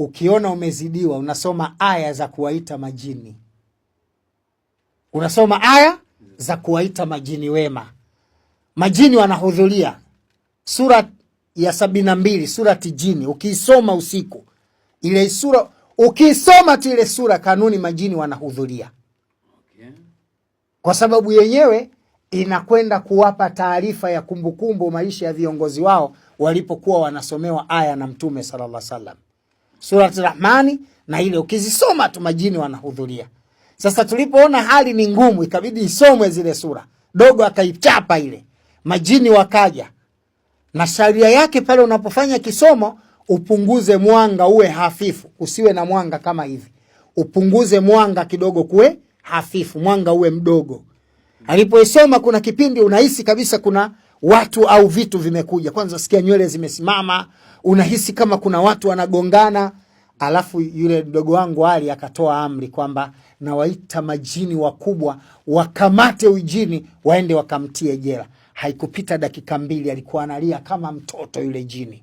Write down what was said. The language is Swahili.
Ukiona umezidiwa, unasoma aya za kuwaita majini, unasoma aya za kuwaita majini wema. Majini wanahudhuria sura ya sabini na mbili surati Jini. Ukiisoma usiku ile sura, ukiisoma tu ile sura kanuni, majini wanahudhuria kwa sababu yenyewe inakwenda kuwapa taarifa ya kumbukumbu maisha ya viongozi wao walipokuwa wanasomewa aya na Mtume sallallahu alaihi wasallam. Surati Rahmani na ile ukizisoma tu majini wanahudhuria. Sasa tulipoona hali ni ngumu, ikabidi isomwe zile sura, dogo akaichapa ile, majini wakaja na sharia yake pale. Unapofanya kisomo upunguze mwanga uwe hafifu, usiwe na mwanga kama hivi, upunguze mwanga kidogo, kuwe hafifu, mwanga uwe mdogo. Alipoisoma kuna kipindi unahisi kabisa kuna watu au vitu vimekuja, kwanza sikia nywele zimesimama, unahisi kama kuna watu wanagongana. Alafu yule mdogo wangu Ali akatoa amri kwamba nawaita majini wakubwa wakamate ujini waende wakamtie jela. Haikupita dakika mbili alikuwa analia kama mtoto yule jini.